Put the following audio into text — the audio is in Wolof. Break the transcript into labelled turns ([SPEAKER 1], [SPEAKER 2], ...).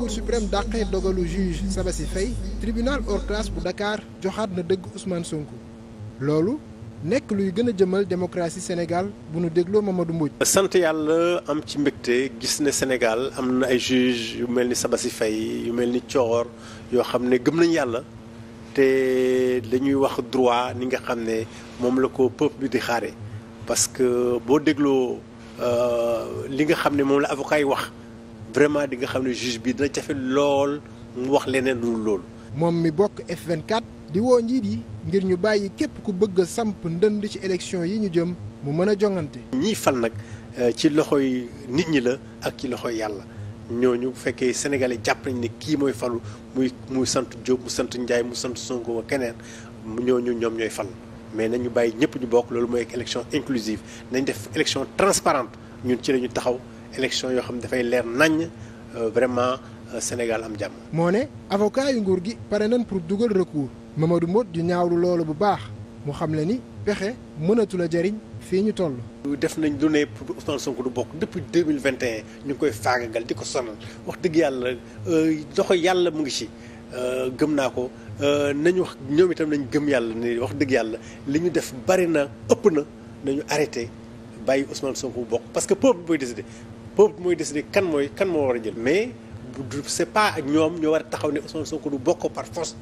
[SPEAKER 1] cour suprême dàqee dogalu juge Sabassi Faye tribunal hors classe bu Dakar joxaat na dëgg Ousmane Sonko loolu nekk luy gën a jëmal démocratie Sénégal bu nu dégloo Mamadou Mbodj.
[SPEAKER 2] sant yàlla am ci mbégte gis ne Sénégal am na ay juge yu mel ni saba si Faye yu mel ni Thior yoo xam ne gëm nañ yàlla te dañuy wax droit ni nga xam ne moom la ko peuple bi di xaare parce que boo dégloo euh, li nga xam ne moom la avocat yi wax. vraiment di nga xam ne juge bi dina jafe lool mu wax leneen lu loolu.
[SPEAKER 1] moom mi bokk F24 di woo njiit yi ngir ñu bàyyi képp ku bëgg samp ndënd ci élection yi ñu jëm mu mën a jongante.
[SPEAKER 2] ñiy fal nag euh, ci loxoy nit ñi la ak ci loxoy yàlla ñooñu bu fekkee sénégalais jàpp nañ ne kii mooy falu muy muy sant Diop mu sant njaay mu sant Sonko wa keneen ñu ñoom ñooy fal mais nañu bàyyi ñëpp ñu bokk loolu mooy élection inclusive nañ def élection transparente ñun ci la ñu taxaw. élection yoo xam ne dafay leer nañ euh, vraiment euh, Sénégal am jàmm.
[SPEAKER 1] moo ne avocat yu nguur gi pare nañ pour dugal recours Mamadou Mbodj di ñaawlu loolu bu baax mu xam le ni pexe mënatul a jëriñ fii ñu toll.
[SPEAKER 2] def nañ lu ne pour Ousmane Sonko du bokk depuis deux mille vingt et ñu ngi koy faagagal di ko sonal wax dëgg yàlla euh, loxo yàlla mu ngi ci gëm naa ko nañu wax ñoom itam nañ gëm yàlla ne wax dëgg yàlla li ñu def bari na ëpp na nañu arrêté bàyyi Ousmane Sonko bu bokk parce que peuple booy décider pour mooy ni kan mooy kan moo war a jël mais c'est pas ñoom ñoo war a taxaw ne Ousmane Sonko du bokk par force